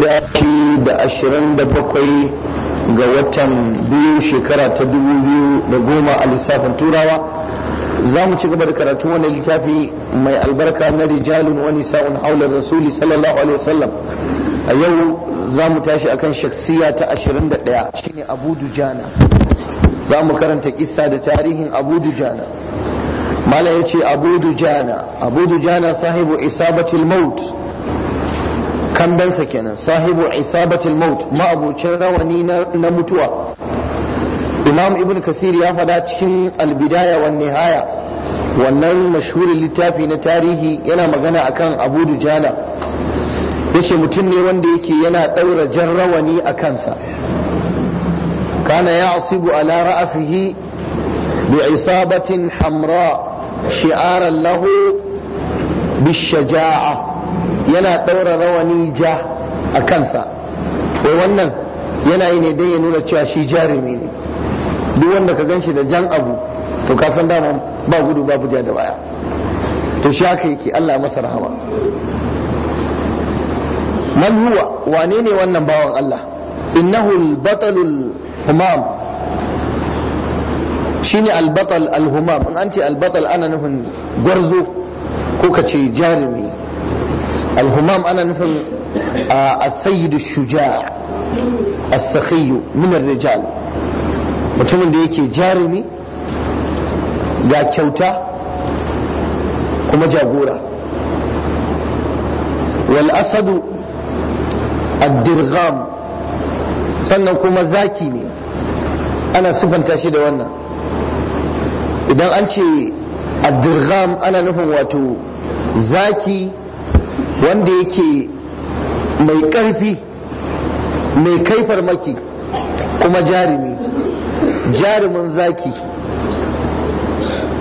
da ashirin da bakwai ga watan biyu shekara ta dubu biyu da goma a lissafin turawa za mu ci gaba da karatu wani littafi mai albarka na rijalun wani sa'un haular rasuli sallallahu alaihi wasallam a yau za mu tashi akan shaksiya ta ashirin da ɗaya shine abu dujana za mu karanta kissa da tarihin abu dujana mala ya ce abu dujana abu dujana sahibu isabatul maut kamdansa kenan sahibu isabatil maut ma'abucin rawani na mutuwa imam ibn kasir ya faɗa cikin albidaya wa nihaya wannan mashhurin littafi na tarihi yana magana akan abu dujana yace mutum ne wanda yake yana ɗaura jan rawani a kansa kana ya asibu ala ra'asihi bi isabatin hamra shi'aran lahu bishaja'a yana ɗaura rawani ja a kansa to wannan yana yi ne dai ya nuna cewa shi jarumi ne duk wanda ka gan shi da jan abu to ka san dama ba gudu babu ja da baya to shi haka yake Allah masa rahama man huwa wane ne wannan bawan Allah innahu al humam shine al-batal al in an ce al-batal ana nufin gwarzo ko ka ce jarumi alhumam ana nufin as-sayyidu shuja' as-sakhiyu min mutumin da yake jarumi ga kyauta kuma jagora wal asadu ad sannan kuma zaki ne ana sufanta shi da wannan idan an ce ad ana nufin wato zaki wanda yake mai ƙarfi mai kai farmaki kuma jarumi jarumin zaki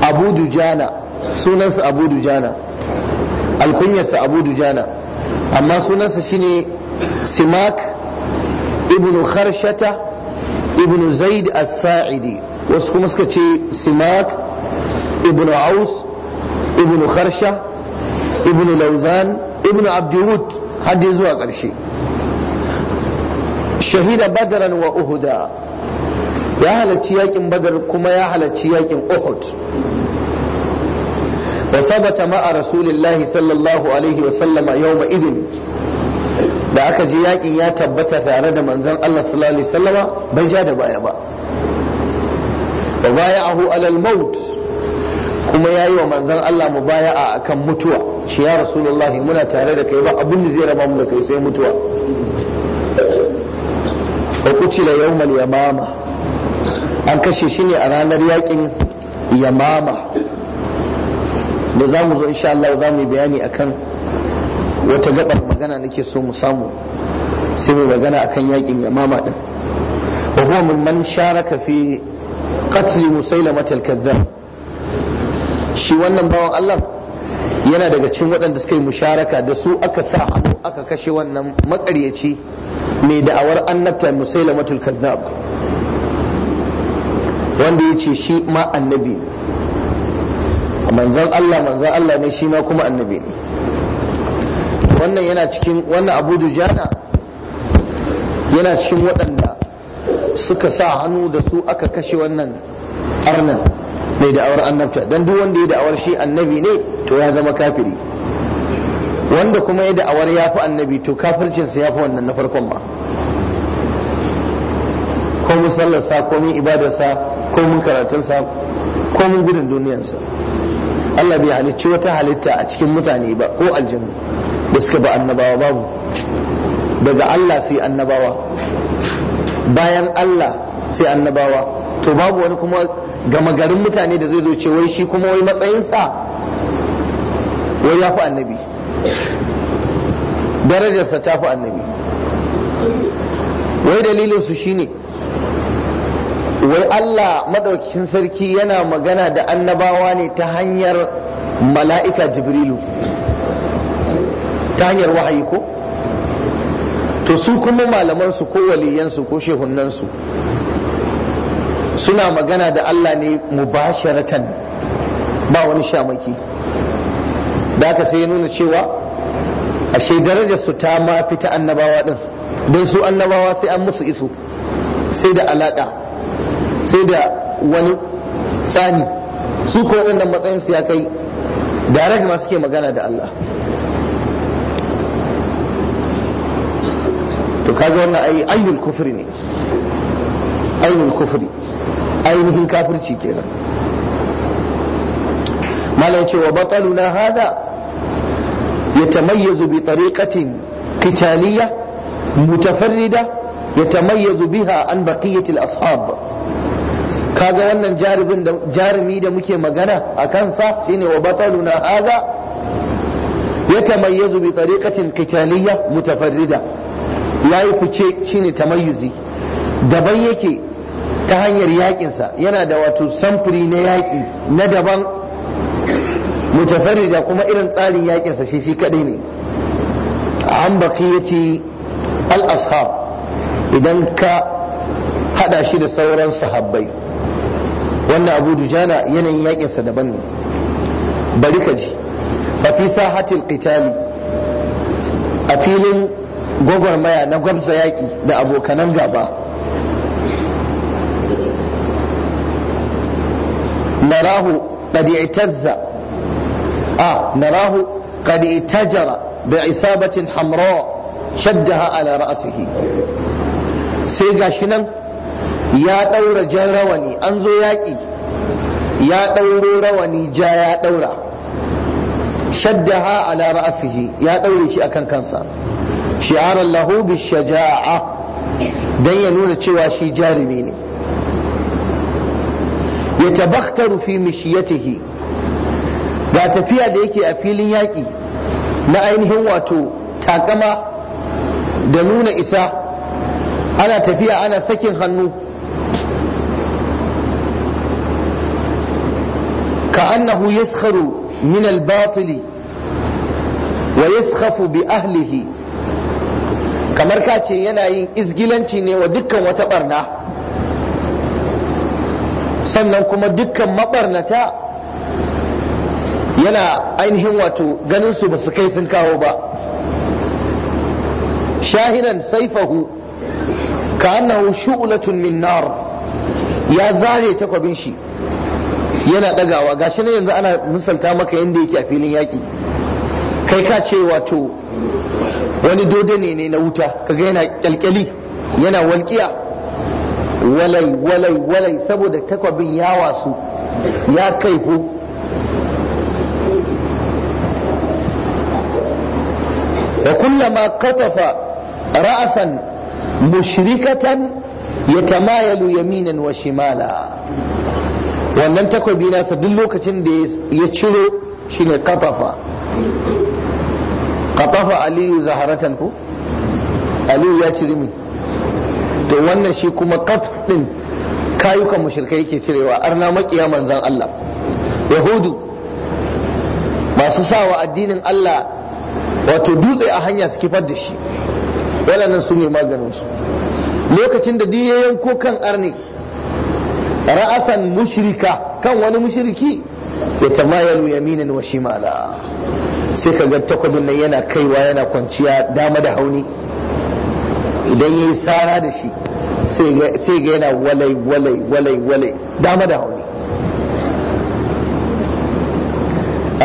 abu dujana sunansa abu dujana alkunyarsa abu dujana amma sunansa shine simak ibnu kharshata ibnu zaid as-sa'idi wasu kuma suka ce simak ibnu aus ibnu kharsha ibnu lauzan ibnu abdiwud har zuwa ƙarshe shahida badaran wa uhuda ya halarci yakin badar kuma ya halarci yakin uhud wa sabata ma'a rasulillahi sallallahu alaihi wa sallama yawma idin da aka je yakin ya tabbata tare da manzon Allah sallallahu alaihi wasallama bai ja da baya ba wa baya'ahu alal maut kuma ya yi wa manzan Allah mu baya a akan mutuwa shi ya rasulullahi muna tare da kai ba abin da zai raba mu da kai sai mutuwa da kucila yawmal yamama an kashe shi ne a ranar yakin yamama da za mu zo insha Allah za mu yi bayani akan wata gabar magana nake so mu samu sai mu magana akan yakin yamama din wa huwa min man sharaka fi qatl musailamah al-kadhdhab shi wannan bawan Allah yana daga cikin waɗanda suka yi musharaka da su aka sa hannu aka kashe wannan makaryaci mai da'awar annabta musailamatul kadhab wanda ya ce shi ma annabi ne manzan Allah manzan Allah ne shi ma kuma annabi ne wannan yana cikin wannan abu dujana yana cikin waɗanda suka sa hannu da su aka kashe wannan arnan mai da'awar annabta dan duk wanda ya da'awar shi annabi ne to ya zama kafiri wanda kuma ya da'awar ya fi annabi to kafircinsa ya fi wannan na farkon ba ko mun sa ko mun ibadarsa ko mun karatunsa ko mun gudun sa Allah bai halicci wata halitta a cikin mutane ba ko aljanu da suka ba annabawa babu daga Allah sai annabawa bayan Allah sai annabawa to babu wani kuma gama garin mutane da zai zo ce wai shi kuma wai matsayinsa wai ya fi annabi darajarsa ta fi annabi wai dalilinsu shi ne wai Allah maɗaukikin sarki yana magana da annabawa ne ta hanyar mala'ika jibrilu ta hanyar wahayi ko to su kuma malamansu ko waliyansu ko shehunansu suna magana da Allah ne mubasharatan ba wani shamaki da aka sai ya nuna cewa ashe darajarsu su ta ma fita annabawa din don su annabawa sai an musu iso sai da alaka sai da wani tsani su kuma waɗannan matsayin su ya kai direct ma suke magana da Allah to kaga wannan ayi ayyul kufri ne ayyul kufri ainihin kafirci kenan malam ce wa na hada ya يتميز بطريقة قتالية متفردة يتميز بها an بقية ashab kaga wannan jaribin da jarumi da muke magana a kansa shine wa na hada ya tamayyazu bi tariqatin qitaliyya mutafarrida yayi fice shine tamayyuzi daban yake ta hanyar yakinsa yana da wato samfuri na yaƙi na daban mutafarrida kuma irin tsarin yakinsa shi shi kadai ne an baki ya ce al idan ka hada shi da sauran sahabbai wanda abu dujana yanayin yakinsa daban ne bari ka ji a fi sahatil qitali a filin gwagwarmaya na gwabza yaƙi da abokanan gaba narahu qad i'tazza ah narahu qad i'tajara bi'isabatin hamra shaddaha ala ra'sihi sai gashi nan ya daura jan rawani an zo yaƙi ya ɗauro rawani ja ya ɗaura shaddaha ala ra'sihi ya ɗaure shi akan kansa shi'ar lahu bi shaja'a dan ya nuna cewa shi jarumi ne ya tabakhtaru fi mishiyatihi ga tafiya da yake a filin yaƙi na ainihin wato takama da nuna isa ana tafiya ana sakin hannu minal يسخر wa الباطل bi ahlihi, kamar ka ce yana yin izgilanci ne wa dukkan wata barna sannan kuma dukkan mabarnata yana ainihin wato ganin su ba su kai sun kawo ba shahinan saifahu ka annahu shu'latun min nar ya zare takwabin shi yana dagawa gashi ne yanzu ana misalta maka yadda yake a filin yaƙi kai ka ce wato wani dodane ne na wuta kaga yana kyalkyali yana walƙiya walai walai walai saboda takwabin ya wasu ya kaifu wa kullama katafa ra'asan mushrikatan ya tamayalu yaminan wa shimala wannan takwabi nasa duk lokacin da ya ciro shine katafa katafa aliyu zaharatan ku aliyu ya ciri mai to wannan shi kuma katf din kayukan mushrikai yake cirewa arna makiya manzan Allah yahudu masu sa wa addinin Allah wato dutse a hanya su kifar da shi Wala nan su ne su. lokacin da ya yanko kan arne ra'asan mushrika kan wani mushriki ya tamayalu yaminin wa shimala sai ka ga takwabin nan yana kaiwa yana kwanciya dama da hauni idan ya yi sara da shi sai ga yana walai walai walai walai dama da hauni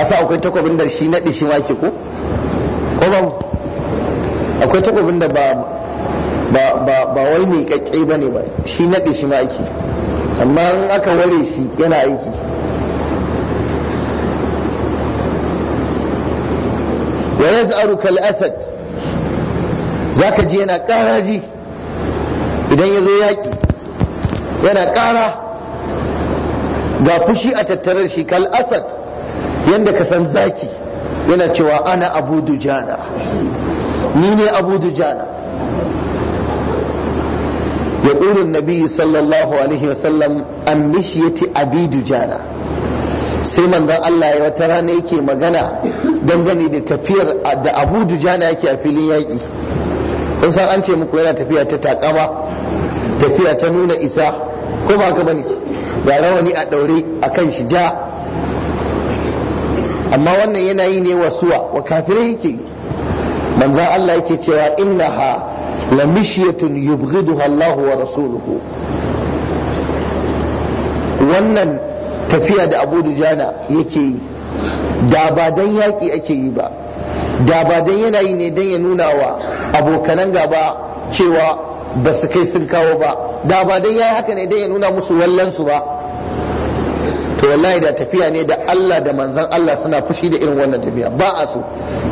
a sa akwai takwabin da shi naɗi shi wake ko ko ba akwai takwabin da ba ba wai mai kakke ba ne ba shi naɗi shi ma amma in aka ware shi yana aiki wa yanzu kal asad za ka ji yana ji idan ya zo yaƙi yana ƙara ga fushi a tattarar shi kal asad yadda ka san zaki yana cewa ana abu dujana ni ne abu dujana ya ƙurin nabi sallallahu alaihi wasallam an mishiyati abi dujana sai manzon Allah ya wata rana yake magana dangane da tafiyar da abu dujana yake a filin yaƙi In san an ce muku yana tafiya ta takama tafiya ta nuna isa ko ba ka bane ga rawani a daure a kan shi ja amma wannan yana yi ne wasuwa wa kafirai yake manzan Allah yake cewa ha la mishiyatun yubghiduha Allah wa rasuluhu wannan tafiya da Abu Dujana yake yi da ba dan yaki ake yi ba da ba don yana yi ne don ya nuna wa abokanan gaba cewa ba su kai sun kawo ba da ba don ya yi haka ne don ya nuna musu wallansu ba to wallahi da tafiya ne da Allah da manzan Allah suna fushi da irin wannan tafiya ba a so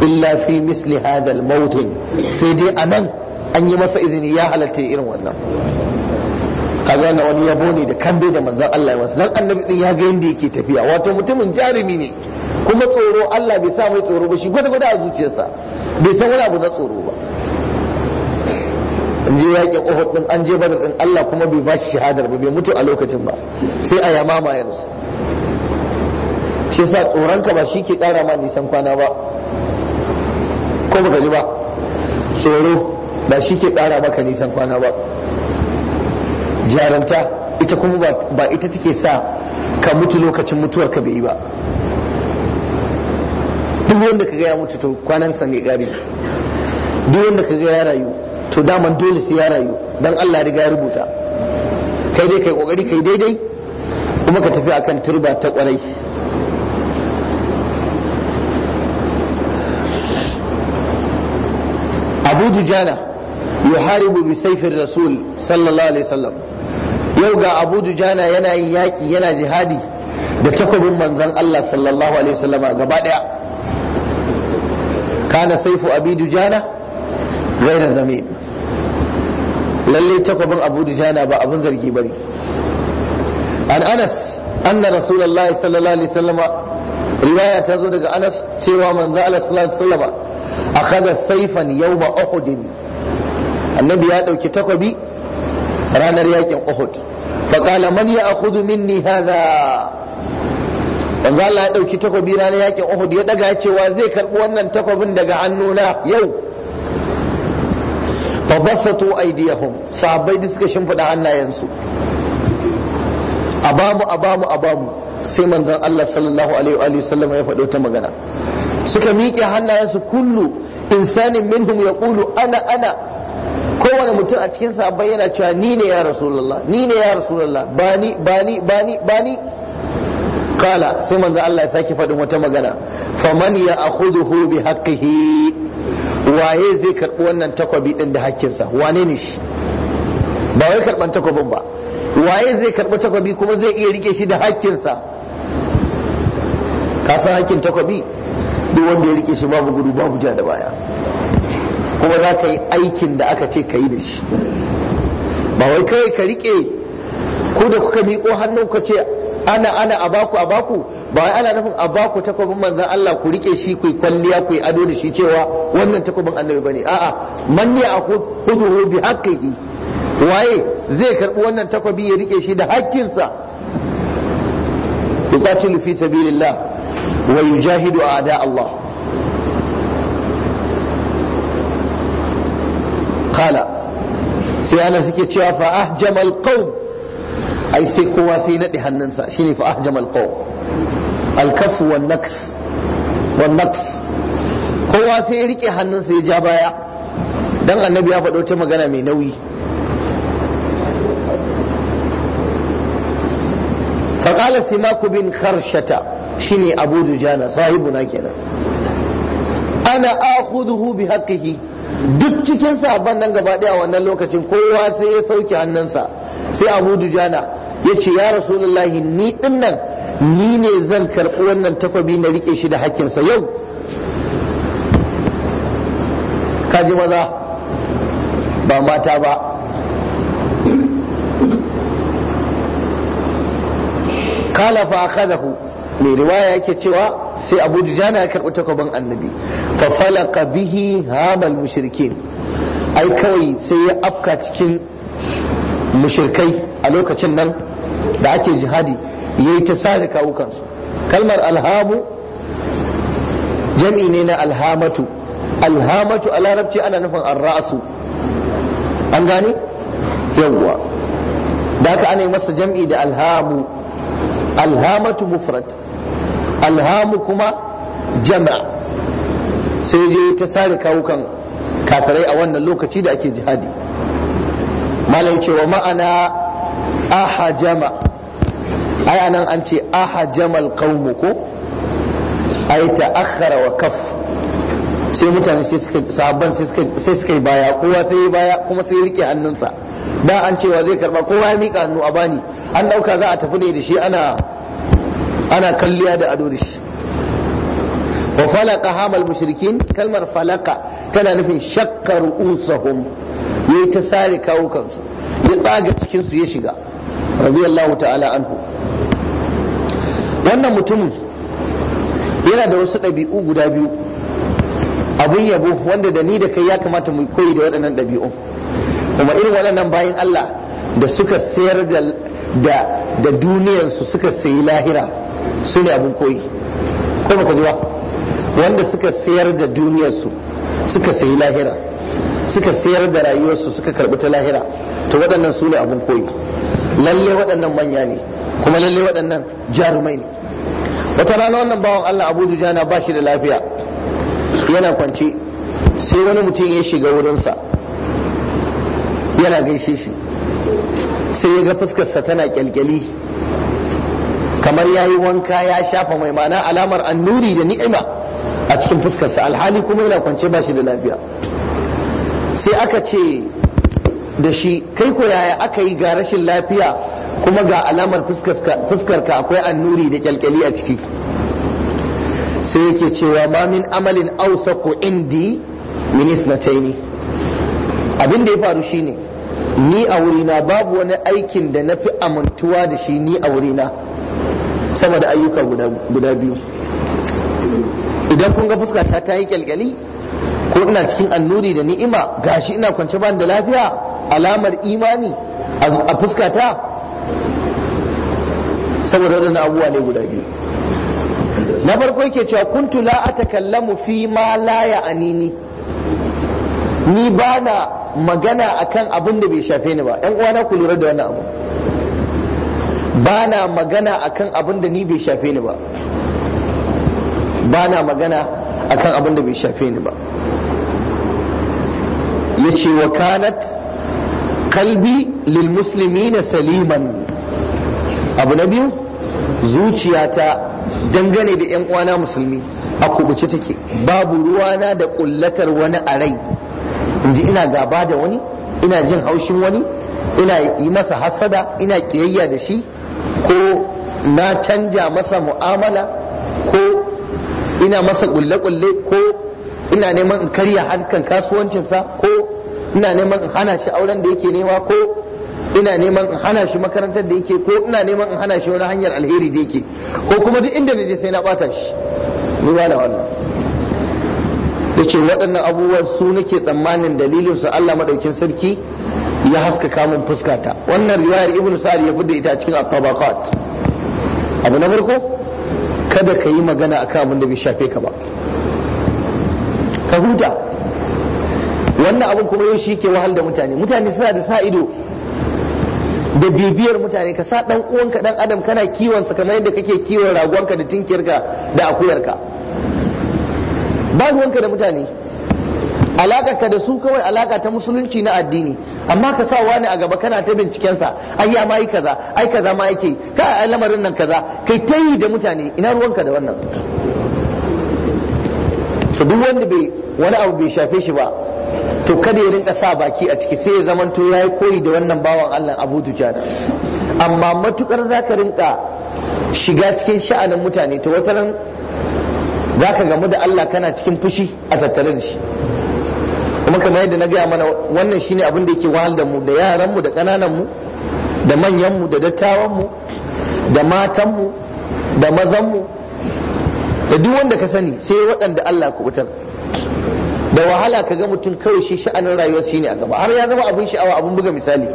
illa fi misli hadal mautin sai dai a nan an yi masa izini ya halatta irin wannan kaga na wani yabo ne da kambe da manzan Allah ya wasu zan annabi din ya ga yadda yake tafiya wato mutumin jarumi ne kuma tsoro Allah bai sa mai tsoro ba shi gwada gwada a zuciyarsa bai san wani abu na tsoro ba an je yaƙi ƙohot ɗin an je badar ɗin Allah kuma bai ba shi shahadar ba bai mutu a lokacin ba sai a yamama ya rasu shi yasa tsoronka ba shi ke ƙara ma nisan kwana ba ko baka ji ba tsoro ba shi ke ƙara maka nisan kwana ba jaranta ita kuma ba ita take sa ka mutu lokacin mutuwar ka bai yi ba duk wanda kaga ya mutu to kwanan sa ne gari duk wanda kaga ya rayu to daman dole sai ya rayu dan Allah riga ya rubuta kai dai kai kokari kai daidai kuma ka tafi akan turba ta kwarai Abu Dujana yuharibu bi sayfir rasul sallallahu alaihi wasallam yau ga Abu Dujana yana yin yaki yana jihadi da takobin manzon Allah sallallahu alaihi wasallam gaba daya kana saifu abi dujana ghairu zamim lalle takwabin abu ba abun zargi bane an anas anna rasulullahi sallallahu alaihi wasallama riwaya ta zo daga anas cewa manzo Allah sallallahu alaihi wasallama akhadha saifan yawma uhud annabi ya ɗauki takwabi ranar yakin uhud faqala man ya'khudhu minni manzo Allah ya dauki takobi na yakin Uhud ya daga cewa zai karbi wannan takobin daga hannuna yau fa basatu aydiyahum sahabbai da suka shimfida hannayensu abamu abamu abamu sai manzon Allah sallallahu alaihi wa sallam ya fado ta magana suka miƙe hannayensu kullu insanin minhum yaqulu ana ana kowane mutum a cikin sahabbai yana cewa ni ne ya rasulullah ni ne ya rasulullah bani bani bani bani kala sai manzo Allah ya sake faɗin wata magana Fa faman ya akhuduhu bi haqqihi waye zai karɓi wannan takwabi ɗin da hakkinsa wane ne shi ba wai karɓan takwabin ba waye zai karɓi takwabi kuma zai iya rike shi da hakkinsa ka san hakkin takwabi duk wanda ya rike shi babu gudu babu ja da baya kuma za ka yi aikin da aka ce ka yi da shi ba wai kawai ka rike ko da kuka miƙo hannu ka ce ana ana a baku a baku ba wai ana nufin a baku takobin manzan Allah ku rike shi ku kwalliya ku ado da shi cewa wannan takobin annabi bane a'a man ne a huduhu bi haqqihi waye zai karbi wannan takobi ya rike shi da hakkinsa yuqatilu fi sabilillah wa yujahidu a'da Allah qala sai ana suke cewa fa ahjamal qaum ai sai kowa sai naɗe hannunsa shine fa ahjamal qaw al kafu wan naqs wan naqs kowa sai ya rike hannunsa ya ja baya dan annabi ya faɗo ta magana mai nauyi فقال سماك بن خرشة شني أبو دجانة صاحبنا Ana أنا آخذه بحقه duk cikin sahabban nan gaba daya a wannan lokacin kowa sai ya sauke hannunsa sai abu dujana ya ce ya rasulullahi ni dinnan ni ne zan karɓi wannan takwabi na rike shi da hakkinsa yau kaji maza ba mata ba kala fa mai riwaya yake cewa sai abu dujana ya karɓi takwabin annabi fa falaka bihi hamal mushrikin ai kawai sai ya afka cikin mushirkai a lokacin nan da ake jihadi ya yi ta sare kawukansu kalmar alhamu jam'i ne na alhamatu alhamatu a larabci ana nufin rasu. an gane yawwa da haka ana yi masa jam'i da alhamu alhamatu mufrat alhamu kuma jama sai je ta sare kawukan kafirai a wannan lokaci da ake jihadi ce wa ma'ana ahajama ai anan an ce ahajamal qaumu ko ai ta'akhara wa kaf sai mutane sai suka sabban sai suka yi baya kowa sai baya kuma sai rike hannunsa da an cewa zai karba kowa ya mika hannu a bani an dauka za a tafi ne da shi ana ana kalliya da ado da shi wa falaka hamal mushrikin kalmar falaka tana nufin shakkar usahum yayi ta sare kawo kansu ya tsaga cikin su ya shiga radiyallahu ta'ala anhu wannan mutumin yana da wasu ɗabi'u guda biyu abun yabo wanda da ni da kai ya kamata mu koyi da waɗannan ɗabi'u kuma irin waɗannan bayan Allah da suka sayar da da duniyarsu suka sayi lahira su ne abin koyi ko baka ji ba wanda suka sayar da duniyarsu suka sayi lahira suka sayar da rayuwarsu suka karɓi ta lahira to waɗannan su ne abin koyi lalle waɗannan manya ne kuma lalle waɗannan jarumai ne wata rana wannan bawan Allah Abu Dujana ba shi da lafiya yana kwance sai wani mutum ya shiga wurinsa yana gaishe shi sai ya ga fuskarsa tana kyalkyali kamar ya yi wanka ya shafa mai mana alamar annuri da ni'ima a cikin fuskarsa alhali kuma yana kwance ba shi da lafiya sai aka ce da shi kai ko yaya aka yi ga rashin lafiya kuma ga alamar fuskarka akwai annuri da kyalkyali a ciki sai yake cewa ma min amalin ausako indi minis na taini abin da ya faru shine ni a wurina babu wani aikin da na fi amintuwa da shi ni a wurina sama da ayyuka guda biyu idan kun ga fuskata ta yi kyalkyali ko ina cikin annuri da ni'ima gashi ina kwance ban da lafiya alamar imani a fuskata saboda waɗannan abubuwa ne guda biyu na farko yake cewa kuntu la takallamu fi ma la ya'anini ni ba na magana akan abin da bai shafe ni ba yan uwana ku lura da wannan abu ba na magana akan abin da ni bai shafe ni ba ba na magana a kan abin da bai shafe ni ba ya ce wa kanat kalbi lil musulmi na saliman abu na biyu zuciyata dangane da 'yan uwana musulmi a kubuce take babu ruwana da kullatar wani a rai ji ina gaba da wani ina jin haushin wani ina yi masa hasada ina kiyayya da shi ko na canja masa mu'amala ko ina masa kulle-kulle ko ina neman in karya harkan kasuwancinsa ko ina neman in hana shi auren da yake nema ko ina neman in hana shi makarantar da yake ko ina neman in hana shi wani hanyar alheri da yake ko kuma duk inda naje sai na bata shi ni ba da wannan yace waɗannan abubuwan su nake tsammanin dalilin su Allah madaukin sarki ya haska kamun fuskata wannan riwayar ibnu sa'ad ya fidda ita a cikin at-tabaqat abu na farko kada ka yi magana kan abin da bai shafe ka ba ka huta wannan abin kuma yau shi ke wahal da mutane mutane suna da sa ido da bibiyar mutane ka sa dan uwanka dan adam kana kiwon sa kamar yadda kake kiwon ragonka da tinkirka da akuyarka ba ruwanka da mutane alaka ka da su kawai alaka ta musulunci na addini amma ka sa wani a gaba kana ta binciken sa ai ya mai kaza ai kaza ma yake kai lamarin nan kaza kai ta yi da mutane ina ruwanka da wannan to duk wanda bai wani abu bai shafe shi ba to kada ya rinka sa baki a ciki sai ya zamanto ya yi koyi da wannan bawan Allah Abu Dujana amma matukar zaka rinka shiga cikin sha'anin mutane to wataran zaka gamu da Allah kana cikin fushi a tattare da shi kuma kamar yadda na gaya mana wannan shine abin da yake wahal da mu da yaran mu da kananan mu da manyan mu da dattawan mu da matan mu da mazan mu da duk wanda ka sani sai waɗanda Allah kubutar da wahala ka ga mutum kawai shi sha'anin rayuwar shi ne a gaba har ya zama abin sha'awa abin buga misali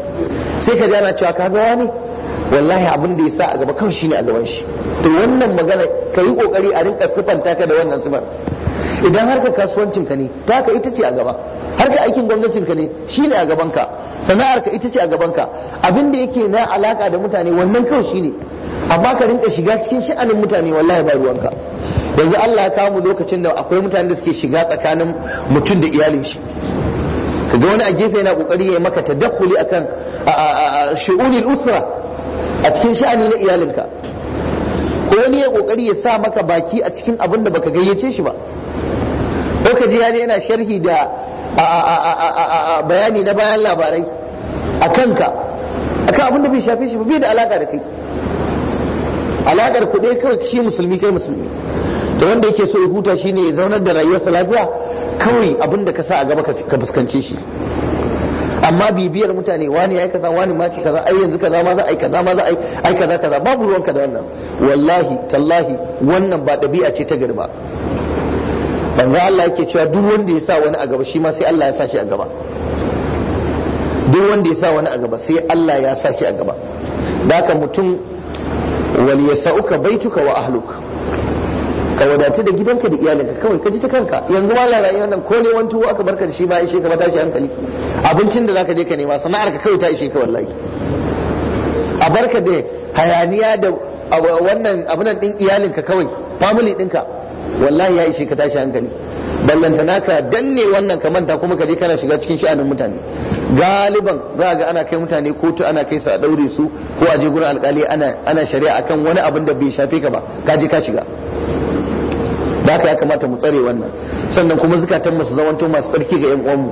sai ka ana cewa ka ga wani wallahi abin da ya sa a gaba kawai shi ne a gaban shi to wannan magana ka yi kokari a rinka sifanta ka da wannan sifar idan harka kasuwancin ka ne ka ita ce a gaba harka aikin gwamnatin ka ne shine a gaban ka sana'ar ka ita ce a gaban ka abin da yake na alaka da mutane wannan kawai shine amma ka rinka shiga cikin sha'anin mutane wallahi ba ruwanka yanzu Allah ya kawo mu lokacin da akwai mutane da suke shiga tsakanin mutum da iyalin shi kaga wani a gefe yana kokari ya yi maka tadakhuli akan shu'unil usra a cikin sha'ani na iyalinka ko wani ya kokari ya sa maka baki a cikin abin da baka gayyace shi ba ji ya yana sharhi da bayani na bayan labarai a kanka a kan abinda bai shafi shi ba bai da alaka da kai alakar kuɗe kawai shi musulmi kai musulmi da wanda yake so ya huta ne ya zaunar da rayuwarsa lafiya kawai abinda ka sa a gaba ka fuskance shi amma bibiyar mutane wani yayi kaza wani ma kaza ai yanzu kaza ma za yi kaza ma za a yi kaza kaza babu ruwanka da wannan wallahi tallahi wannan ba ɗabi'a ce ta garba banza Allah yake cewa duk wanda ya sa wani a gaba shi ma sai Allah ya sa shi a gaba duk wanda ya sa wani a gaba sai Allah ya sa shi a gaba da haka mutum wal yasauka baituka wa ahluk ka wadatu da gidanka da iyalinka kawai ka ji ta kanka yanzu ma lalai nan ko ne wani tuwo aka barka da shi ma ishe ka tashi hankali abincin da zaka je ka nema sana'ar ka kawai ta ishe ka wallahi a barka da hayaniya da wannan abunan din iyalinka kawai family dinka wallahi ya ishe ka tashi hankali ballanta naka danne wannan ka manta kuma ka je kana shiga cikin sha'anin mutane galiban za ga ana kai mutane kotu ana kai su a daure su ko a je gurin alkali ana ana shari'a akan wani abin da bai shafe ka ba ka ka shiga da ka ya kamata mu tsare wannan sannan kuma zukatan masu zamanto masu tsarki ga 'yan uwanmu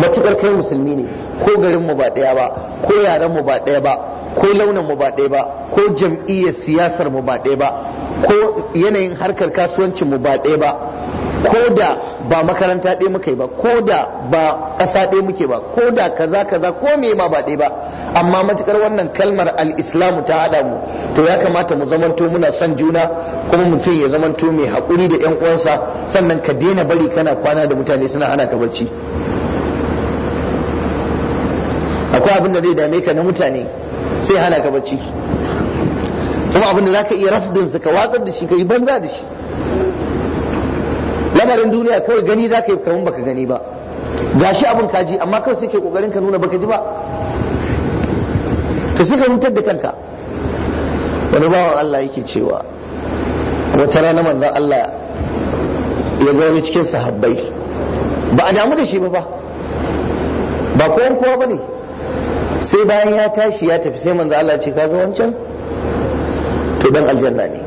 matukar kai musulmi ne ko garin mu ba daya ba ko yaran mu ba daya ba ko launin mu ba ɗaya ba ko jam'iyyar siyasar mu ba ɗaya ba ko yanayin harkar kasuwancin mu ba ɗaya ba ko da ba makaranta ɗaya muka yi ba ko da ba ƙasa ɗaya muke ba ko da kaza kaza ko me ma ba ɗaya ba amma matukar wannan kalmar al-islamu ta haɗa mu to ya kamata mu zamanto muna son juna kuma mutum ya zamanto mai haƙuri da 'yan uwansa sannan ka daina bari kana kwana da mutane suna hana ka barci akwai abin da zai dame ka na mutane sai hana ka bacci kuma abin da za ka iya rafdin ka watsar da shi ka yi banza da shi lamarin duniya kawai gani za ka yi kamun baka gani ba gashi abin kaji amma kawai sai ke kokarin ka nuna baka ji ba to sai ka mutar da kanka wani bawan Allah yake cewa wata rana manzon Allah ya ga wani cikin sahabbai ba a damu da shi ba ba kowan kowa bane sai bayan ya tashi ya tafi sai manzo Allah ce kaga wancan to dan aljanna ne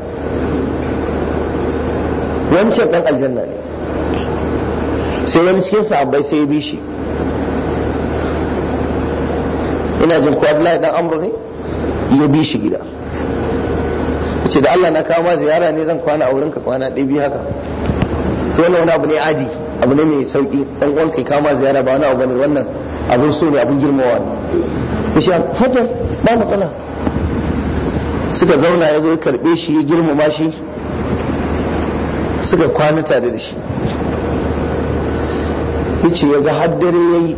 wancan dan aljanna ne sai wani cikin abai sai ya bi shi ina jin ko Allah dan amru ne ya bi shi gida ce da Allah na kawo ma ziyara ne zan kwana a wurin ka kwana ɗaya biyu haka sai wannan wani abu ne aji abu ne mai sauki dan uwan kai kawo ma ziyara ba wani abu ne wannan abin so ne abin girmawa ne ku ba matsala suka zauna ya zo ya karbe shi ya girmama shi suka kwana tare da shi yace ya ga har dare yi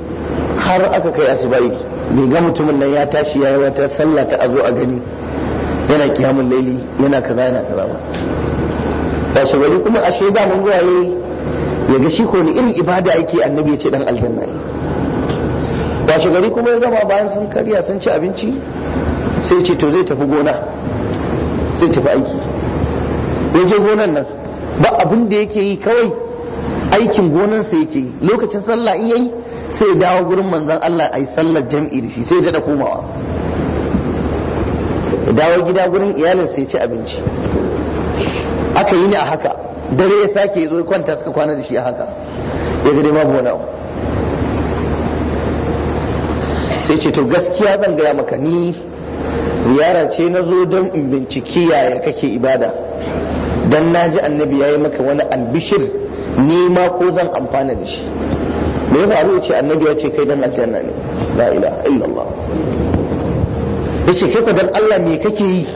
har aka kai asibai bai ga mutumin nan ya tashi ya wata sallah ta azo a gani yana kiyamun laili yana kaza yana kaza ba ba shi bari kuma ashe da mun zuwa yayi ya ga shi ko ni irin ibada yake annabi ya ce dan aljanna ne gashi gari kuma ya gama bayan sun karya sun ci abinci sai ce to zai tafi gona zai tafi aiki ya je gonan nan ba abin da yake yi kawai aikin gonansa yake yi lokacin sallah in yayi sai ya dawo gurin manzon Allah ai sallar jam'i da shi sai ya da komawa ya dawo gida gurin iyalinsa ya ci abinci aka yi ne a haka dare ya sake zo kwanta suka kwana da shi a haka ya ga dai babu wani abu sai ce to gaskiya zan gaya maka ni ziyara ce na zo don in binciki yaya kake ibada don na ji annabi ya yi maka wani albishir ni ma ko zan amfana da shi me ya faru ce annabi ya ce kai don aljanna ne la ilaha illallah ya ce kai dan Allah me kake yi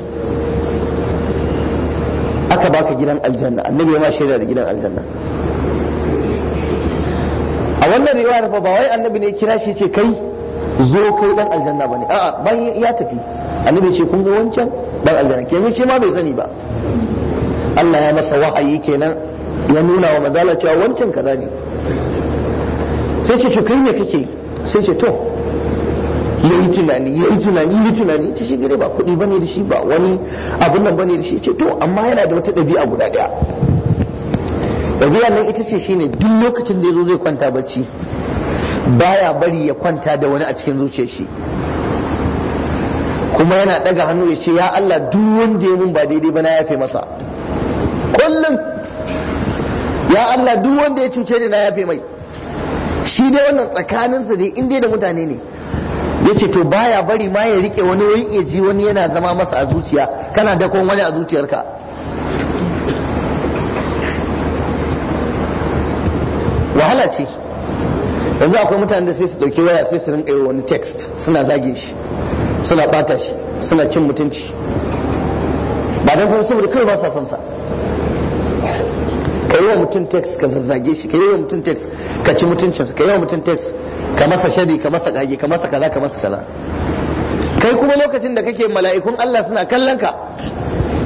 aka baka gidan aljanna annabi ya ma shaida da gidan aljanna a wannan riwayar fa ba wai annabi ne kira shi ce kai zo kai dan aljanna bane a'a ban ya tafi annabi ce kun ga wancan dan aljanna kenan ce ma bai sani ba Allah ya masa wahayi kenan ya nuna wa manzala cewa wancan kaza ne sai ce kai ne kake sai ce to ya yi tunani ya yi tunani ya yi tunani ce shi gare ba kuɗi bane da shi ba wani abun nan bane da shi ce to amma yana da wata ɗabi'a guda ɗaya ɗabi'a nan ita ce shine duk lokacin da ya zo zai kwanta bacci baya bari ya kwanta da wani a cikin zuciyar shi kuma yana daga hannu ya ce ya Allah duk wanda ya mun ba daidai ba na yafe masa kullum ya Allah duk wanda ya cuce ni na yafe mai shi dai wannan tsakaninsa dai in dai da mutane ne ya ce to baya bari ma ya rike wani wani ya ji wani yana zama masa a zuciya kana da wani a zuciyarka wahala ce yanzu akwai mutane da sai su dauki waya sai su rinka yi wani text suna zage shi suna bata shi suna cin mutunci ba dan kuma saboda kai ba sa son sa ka yi wa mutum text ka zage shi ka yi wa mutum text ka ci mutuncinsa ka yi wa mutum text ka masa shari ka masa kage ka masa kaza ka masa kaza kai kuma lokacin da kake mala'ikun Allah suna kallon ka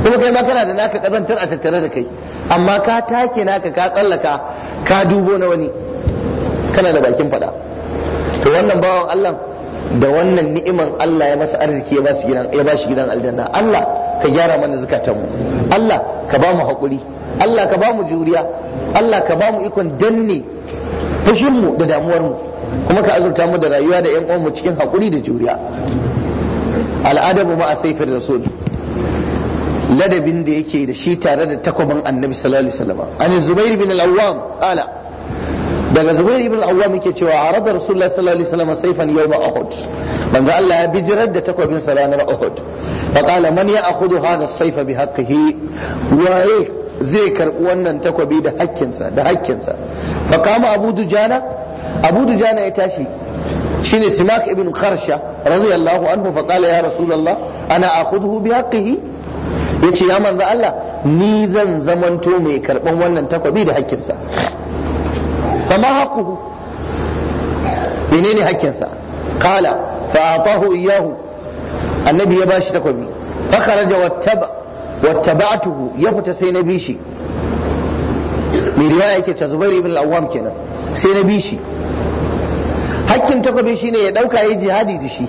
kuma kai ma kana da naka kazantar a tattare da kai amma ka take naka ka tsallaka ka dubo na wani kana da bakin faɗa to wannan bawan Allah da wannan ni'iman Allah ya masa arziki ya bashi gidan ya bashi gidan aljanna Allah ka gyara mana zukatanmu Allah ka ba mu hakuri Allah ka ba mu juriya Allah ka ba mu ikon danne fushinmu da damuwarmu kuma ka azurta mu da rayuwa da 'yan uwanmu cikin hakuri da juriya al'adabu ma a saifin rasul ladabin da yake da shi tare da takwabin annabi sallallahu alaihi wasallam an zubair bin al-awwam qala daga Zubairu ibn al awwam yake cewa arada rasulullahi sallallahu alaihi wasallam sayfan yawm uhud manzo Allah ya bijirar da takwabin sa ranar uhud fa qala man ya'khudhu hadha as-sayfa bi haqqihi waye zai karbi wannan takobi da hakkinsa da hakkinsa fa kama abu dujana abu dujana ya tashi shine simak ibn kharsha radiyallahu anhu fa qala ya rasulullah ana akhudhu bi haqqihi yace ya manzo Allah ni zan zamanto mai karban wannan takobi da hakkinsa fa ma haquhu menene hakkinsa qala fa atahu annabi ya bashi takobi fa kharaja wattaba wattaba'tuhu ya fita sai na bishi mai riwaya yake ta Zubair ibn al-Awwam kenan sai na bishi hakkin takobi shine ya dauka yayi jihadi da shi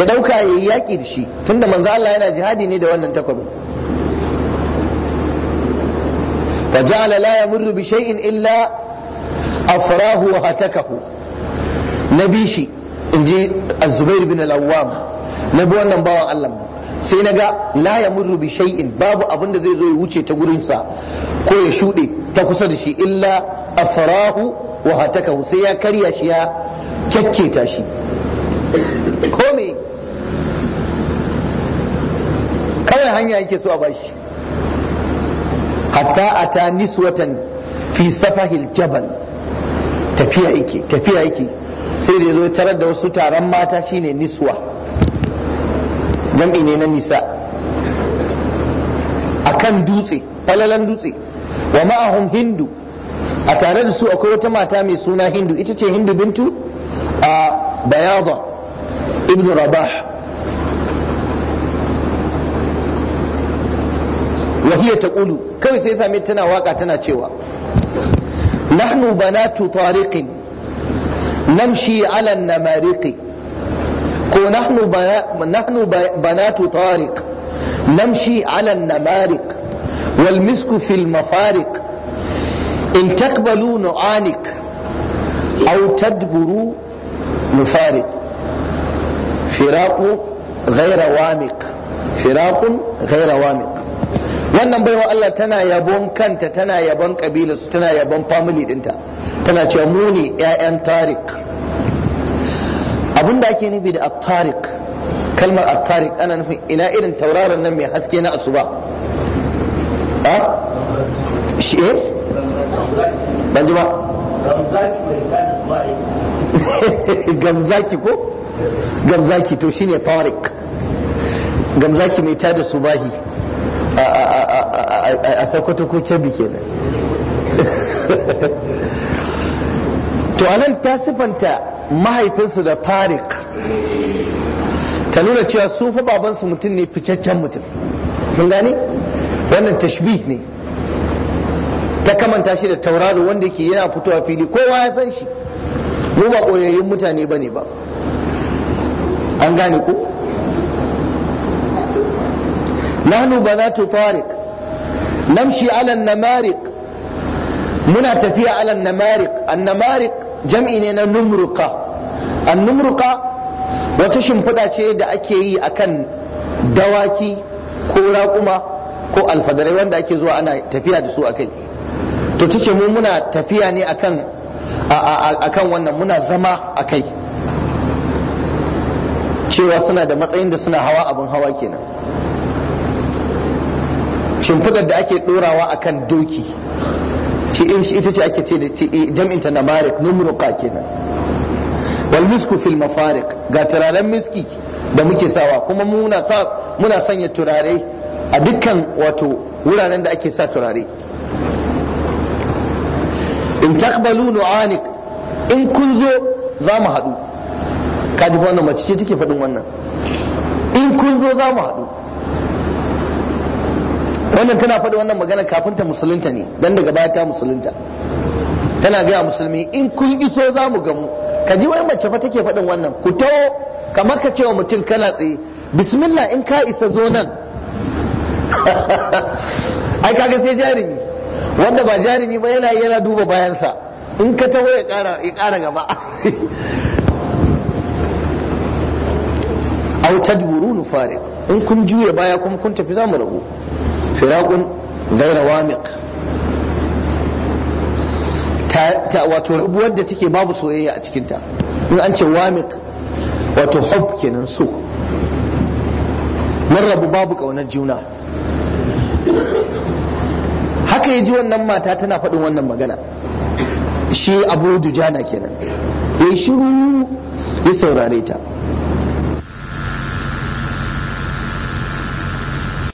ya dauka yayi yaki da shi tunda manzo Allah yana jihadi ne da wannan takobi وجعل لا يمر in إلا afrahu wa hatakahu na bi shi in ji azubair bin al na bi wannan bawan Allah sai na ga la ya murru bi shay'in babu abin da zai zo ya wuce ta gurin sa ko ya shuɗe ta kusa da shi illa afrahu wa hatakahu sai ya karya shi ya ta shi ko me kawai hanya yake so a bashi hatta ata niswatan fi safahil jabal tafiya yake tafiya yake sai da zo tarar da wasu taron mata shine niswa jam'i ne na nisa akan dutse falalan dutse wa ma'ahum hindu a tare da su akwai wata mata mai suna hindu ita ce hindu bintu a bayaza ibn rabah wa ta kulu kawai sai same tana waka tana cewa نحن بنات طارق نمشي على النمارق نحن نحن بنات طارق نمشي على النمارق والمسك في المفارق إن تقبلوا نعانق أو تدبروا نفارق فراق غير وامق فراق غير وامق wannan baiwa Allah tana yabon kanta tana yabon kabilarsu tana yabon family dinta tana cewa mu ne ƴaƴan tariq abinda ake nufi da at-tariq kalmar at-tariq ana nufin ina irin tauraron nan mai haske na asuba a ah? shi eh ban ji ba gamzaki ko gamzaki to shine tariq gamzaki mai tada subahi a sakwato ko ke kenan to a nan ta sifanta mahaifinsu da tariq ta nuna cewa su fa babansu mutum ne ficaccen mutum mun gane wannan tashbih ne ta kamanta shi da tauraro wanda ke yana fitowa fili kowa ya san shi mu ba koyayyun mutane ba ne ba an gane ko nahnu banatu tariq namshi ala namariq muna tafiya ala namariq annamariq jam'i ne na numruqa annumruqa wata shimfiɗa ce da ake yi akan dawaki ko raƙuma ko alfadarai wanda ake zuwa ana tafiya da su akai to ta ce mu tafiya ne akan akan wannan muna zama akai cewa suna da matsayin da suna hawa abin hawa kenan shimfidar da ake dorawa kan doki shi ita ce ake ce da eh, na ta na numruka kenan wal misku fil mafarik ga turaren miski da muke sawa kuma muna sanya turare a dukkan wato wuraren da ake sa turare in takbalu nu'anik in kun zo za mu haɗu kaji wannan mace ce take faɗin wannan in kun zo za mu haɗu wannan tana faɗi wannan magana kafin ta musulunta ne dan daga baya ta musulunta tana gaya musulmi in kun iso za mu gamu ka ji wai mace fa take faɗin wannan ku taho kamar ka ce wa mutum kana tsaye bismillah in ka isa zo nan ai kaga sai jarumi wanda ba jarumi ba yana yana duba bayansa in ka taho ya ƙara ya ƙara gaba aw tadburu nufariq in kun juya baya kuma kun tafi za mu rabu firaqun ghayra wamiq ta wato rabuwar da take babu soyayya a cikinta in an ce wamik wato hub kenan so mun rabu babu ƙaunar juna haka ya wannan mata tana faɗin wannan magana shi abu dujana kenan ya yi shiru ya saurare ta